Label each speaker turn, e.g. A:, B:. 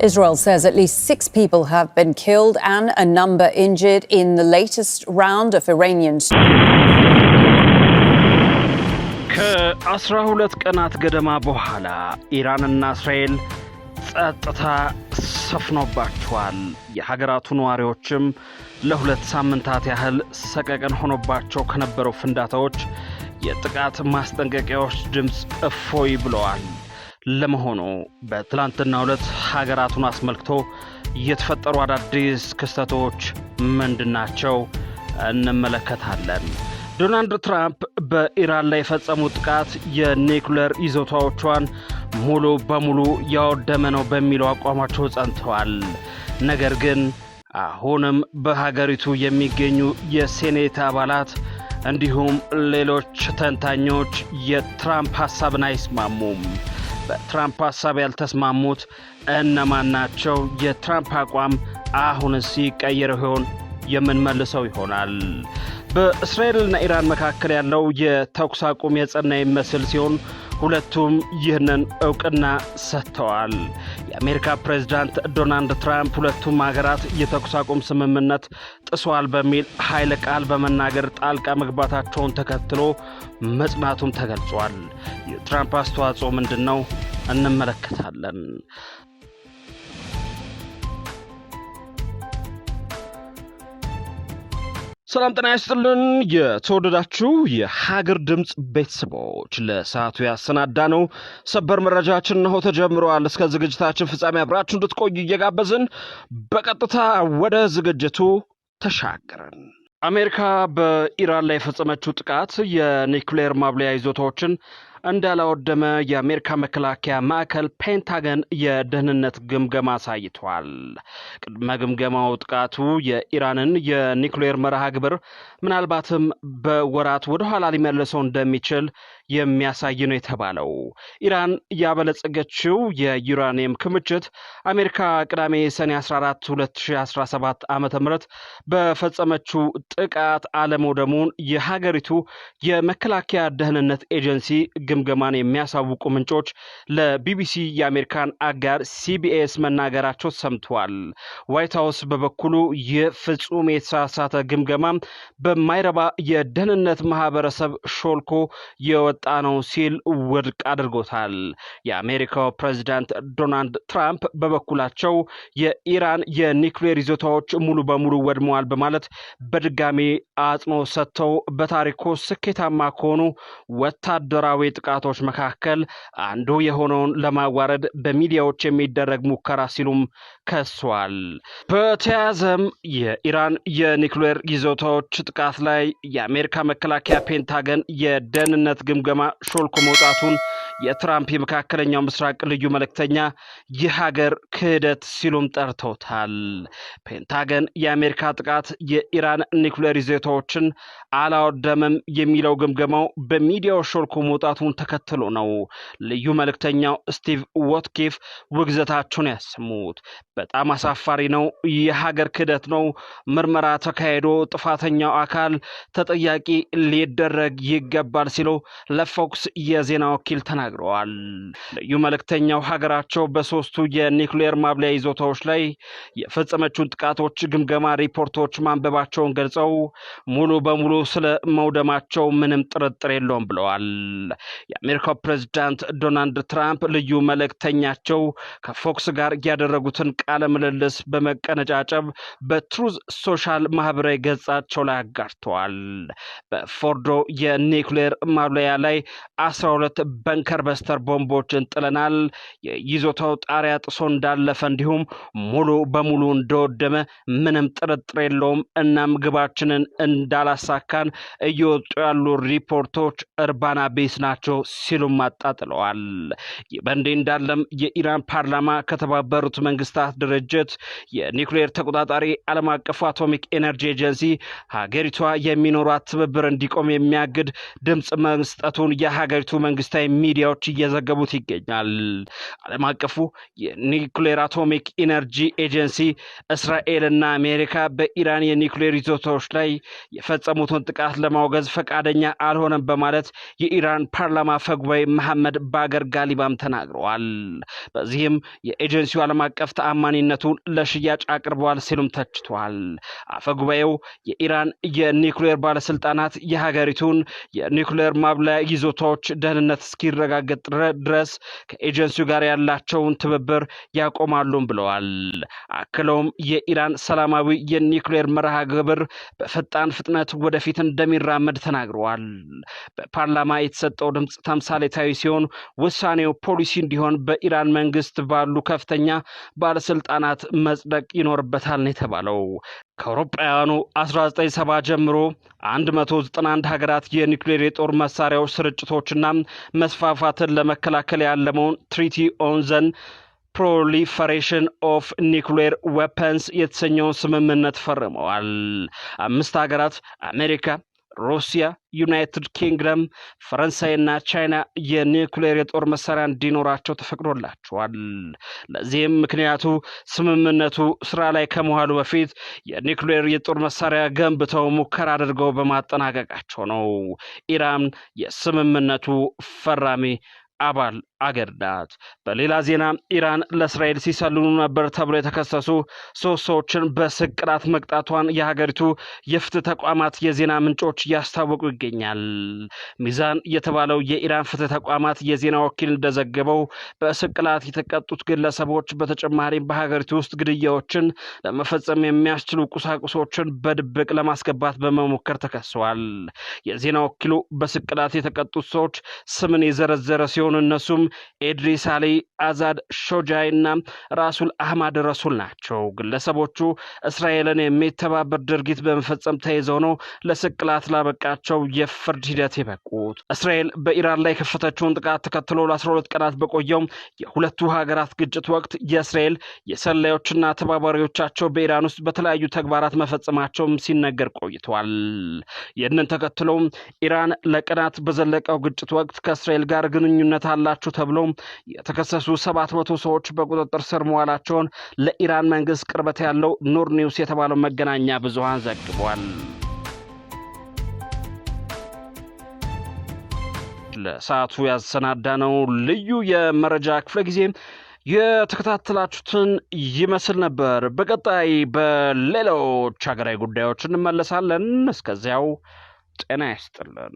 A: Israel says at least six people have been killed and a number injured in the latest round of Iranian.
B: ከአስራ ሁለት ቀናት ገደማ በኋላ ኢራንና እስራኤል ጸጥታ ሰፍኖባቸዋል። የሀገራቱ ነዋሪዎችም ለሁለት ሳምንታት ያህል ሰቀቀን ሆኖባቸው ከነበረው ፍንዳታዎች የጥቃት ማስጠንቀቂያዎች ድምፅ እፎይ ብለዋል። ለመሆኑ በትላንትና ሁለት ሀገራቱን አስመልክቶ የተፈጠሩ አዳዲስ ክስተቶች ምንድናቸው? እንመለከታለን። ዶናልድ ትራምፕ በኢራን ላይ የፈጸሙት ጥቃት የኒውክሌር ይዞታዎቿን ሙሉ በሙሉ ያወደመ ነው በሚለው አቋማቸው ጸንተዋል። ነገር ግን አሁንም በሀገሪቱ የሚገኙ የሴኔት አባላት እንዲሁም ሌሎች ተንታኞች የትራምፕ ሀሳብን አይስማሙም። በትራምፕ ሀሳብ ያልተስማሙት እነማን ናቸው? የትራምፕ አቋም አሁን ይቀየረው ይሆን? የምንመልሰው ይሆናል። በእስራኤልና ኢራን መካከል ያለው የተኩስ አቁም የጸና ይመስል ሲሆን ሁለቱም ይህንን እውቅና ሰጥተዋል። የአሜሪካ ፕሬዚዳንት ዶናልድ ትራምፕ ሁለቱም ሀገራት የተኩስ አቁም ስምምነት ጥሷል በሚል ኃይለ ቃል በመናገር ጣልቃ መግባታቸውን ተከትሎ መጽናቱም ተገልጿል። የትራምፕ አስተዋጽኦ ምንድን ነው? እንመለከታለን። ሰላም ጤና ይስጥልን። የተወደዳችሁ የሀገር ድምፅ ቤተሰቦች ለሰዓቱ ያሰናዳ ነው ሰበር መረጃችን እነሆ ተጀምረዋል። እስከ ዝግጅታችን ፍጻሜ አብራችሁ እንድትቆዩ እየጋበዝን በቀጥታ ወደ ዝግጅቱ ተሻገርን። አሜሪካ በኢራን ላይ የፈጸመችው ጥቃት የኒውክሌር ማብለያ ይዞታዎችን እንዳላወደመ የአሜሪካ መከላከያ ማዕከል ፔንታገን የደህንነት ግምገማ አሳይቷል። ቅድመ ግምገማው ጥቃቱ የኢራንን የኒውክሌር መርሃ ግብር ምናልባትም በወራት ወደኋላ ሊመልሰው እንደሚችል የሚያሳይ ነው የተባለው። ኢራን ያበለጸገችው የዩራኒየም ክምችት አሜሪካ ቅዳሜ ሰኔ 14 2017 ዓ ም በፈጸመችው ጥቃት አለመውደሙን የሀገሪቱ የመከላከያ ደህንነት ኤጀንሲ ግምገማን የሚያሳውቁ ምንጮች ለቢቢሲ የአሜሪካን አጋር ሲቢኤስ መናገራቸው ሰምተዋል። ዋይት ሀውስ በበኩሉ የፍጹም የተሳሳተ ግምገማ በማይረባ የደህንነት ማህበረሰብ ሾልኮ የወጣ ነው ሲል ውድቅ አድርጎታል። የአሜሪካው ፕሬዚዳንት ዶናልድ ትራምፕ በበኩላቸው የኢራን የኒውክሌር ይዞታዎች ሙሉ በሙሉ ወድመዋል በማለት በድጋሚ አጽንኦ ሰጥተው በታሪኩ ስኬታማ ከሆኑ ወታደራዊ ጥቃቶች መካከል አንዱ የሆነውን ለማዋረድ በሚዲያዎች የሚደረግ ሙከራ ሲሉም ከሷል። በተያያዘም የኢራን የኒውክሌር ይዞታዎች ጥቃት ላይ የአሜሪካ መከላከያ ፔንታገን የደህንነት ግምገማ ሾልኮ መውጣቱን የትራምፕ የመካከለኛው ምስራቅ ልዩ መልእክተኛ ይህ ሀገር ክህደት ሲሉም ጠርተውታል። ፔንታገን የአሜሪካ ጥቃት የኢራን ኒውክሌር ይዞታዎችን አላወደመም የሚለው ግምገማው በሚዲያው ሾልኮ መውጣቱን ተከትሎ ነው ልዩ መልእክተኛው ስቲቭ ወትኬፍ ውግዘታቸውን ያሰሙት። በጣም አሳፋሪ ነው፣ የሀገር ክህደት ነው። ምርመራ ተካሂዶ ጥፋተኛው አካል ተጠያቂ ሊደረግ ይገባል ሲሉ ለፎክስ የዜና ወኪል ተናግ ተናግረዋል። ልዩ መልእክተኛው ሀገራቸው በሶስቱ የኒውክሌር ማብለያ ይዞታዎች ላይ የፈጸመችውን ጥቃቶች ግምገማ ሪፖርቶች ማንበባቸውን ገልጸው ሙሉ በሙሉ ስለ መውደማቸው ምንም ጥርጥር የለውም ብለዋል። የአሜሪካው ፕሬዚዳንት ዶናልድ ትራምፕ ልዩ መልእክተኛቸው ከፎክስ ጋር ያደረጉትን ቃለ ምልልስ በመቀነጫጨብ በትሩዝ ሶሻል ማህበራዊ ገጻቸው ላይ አጋርተዋል። በፎርዶ የኒውክሌር ማብለያ ላይ 12 በንከር ከርበስተር ቦምቦችን ጥለናል። ይዞታው ጣሪያ ጥሶ እንዳለፈ እንዲሁም ሙሉ በሙሉ እንደወደመ ምንም ጥርጥር የለውም። እናም ግባችንን እንዳላሳካን እየወጡ ያሉ ሪፖርቶች እርባና ቢስ ናቸው ሲሉም አጣጥለዋል። በእንዲህ እንዳለም የኢራን ፓርላማ ከተባበሩት መንግስታት ድርጅት የኒውክሌር ተቆጣጣሪ ዓለም አቀፉ አቶሚክ ኤነርጂ ኤጀንሲ ሀገሪቷ የሚኖሯት ትብብር እንዲቆም የሚያግድ ድምፅ መስጠቱን የሀገሪቱ መንግስታዊ ሚዲያ ሚዲያዎች እየዘገቡት ይገኛል። ዓለም አቀፉ የኒውክሌር አቶሚክ ኢነርጂ ኤጀንሲ እስራኤልና አሜሪካ በኢራን የኒውክሌር ይዞታዎች ላይ የፈጸሙትን ጥቃት ለማውገዝ ፈቃደኛ አልሆነም በማለት የኢራን ፓርላማ አፈጉባኤ መሐመድ ባገር ጋሊባም ተናግረዋል። በዚህም የኤጀንሲው ዓለም አቀፍ ተአማኒነቱን ለሽያጭ አቅርበዋል ሲሉም ተችቷል። አፈጉባኤው የኢራን የኒውክሌር ባለስልጣናት የሀገሪቱን የኒውክሌር ማብላያ ይዞታዎች ደህንነት እስኪረጋ እስኪረጋገጥ ድረስ ከኤጀንሲው ጋር ያላቸውን ትብብር ያቆማሉም ብለዋል። አክለውም የኢራን ሰላማዊ የኒውክሌር መርሃ ግብር በፈጣን ፍጥነት ወደፊት እንደሚራመድ ተናግረዋል። በፓርላማ የተሰጠው ድምፅ ተምሳሌታዊ ሲሆን ውሳኔው ፖሊሲ እንዲሆን በኢራን መንግስት ባሉ ከፍተኛ ባለስልጣናት መጽደቅ ይኖርበታል ነው የተባለው። ከአውሮጳውያኑ 1970 ጀምሮ 191 ሀገራት የኒውክሌር የጦር መሳሪያዎች ስርጭቶችና መስፋፋትን ለመከላከል ያለመውን ትሪቲ ኦንዘን ፕሮሊፈሬሽን ኦፍ ኒውክሌር ዌፐንስ የተሰኘውን ስምምነት ፈርመዋል። አምስት ሀገራት አሜሪካ፣ ሩሲያ፣ ዩናይትድ ኪንግደም፣ ፈረንሳይና ቻይና የኒውክሌር የጦር መሳሪያ እንዲኖራቸው ተፈቅዶላቸዋል። ለዚህም ምክንያቱ ስምምነቱ ስራ ላይ ከመዋሉ በፊት የኒውክሌር የጦር መሳሪያ ገንብተው ሙከራ አድርገው በማጠናቀቃቸው ነው። ኢራን የስምምነቱ ፈራሚ አባል አገር ናት። በሌላ ዜና ኢራን ለእስራኤል ሲሰልሉ ነበር ተብሎ የተከሰሱ ሶስት ሰዎችን በስቅላት መቅጣቷን የሀገሪቱ የፍትህ ተቋማት የዜና ምንጮች እያስታወቁ ይገኛል። ሚዛን የተባለው የኢራን ፍትህ ተቋማት የዜና ወኪል እንደዘገበው በስቅላት የተቀጡት ግለሰቦች በተጨማሪም በሀገሪቱ ውስጥ ግድያዎችን ለመፈጸም የሚያስችሉ ቁሳቁሶችን በድብቅ ለማስገባት በመሞከር ተከሰዋል። የዜና ወኪሉ በስቅላት የተቀጡት ሰዎች ስምን የዘረዘረ ሲሆን እነሱም ኤድሪስ አሊ፣ አዛድ ሾጃይ እና ራሱል አህማድ ረሱል ናቸው። ግለሰቦቹ እስራኤልን የሚተባበር ድርጊት በመፈጸም ተይዘው ነው ለስቅላት ላበቃቸው የፍርድ ሂደት የበቁት። እስራኤል በኢራን ላይ የከፈተችውን ጥቃት ተከትሎ ለ12 ቀናት በቆየው የሁለቱ ሀገራት ግጭት ወቅት የእስራኤል የሰላዮችና ተባባሪዎቻቸው በኢራን ውስጥ በተለያዩ ተግባራት መፈጸማቸውም ሲነገር ቆይተዋል። ይህንን ተከትሎም ኢራን ለቀናት በዘለቀው ግጭት ወቅት ከእስራኤል ጋር ግንኙነት አላችሁ ተብሎ የተከሰሱ ሰባት መቶ ሰዎች በቁጥጥር ስር መዋላቸውን ለኢራን መንግስት ቅርበት ያለው ኑር ኒውስ የተባለው መገናኛ ብዙሃን ዘግቧል። ለሰዓቱ ያሰናዳ ነው ልዩ የመረጃ ክፍለ ጊዜ የተከታተላችሁትን ይመስል ነበር። በቀጣይ በሌሎች ሀገራዊ ጉዳዮች እንመለሳለን። እስከዚያው ጤና ይስጥልን።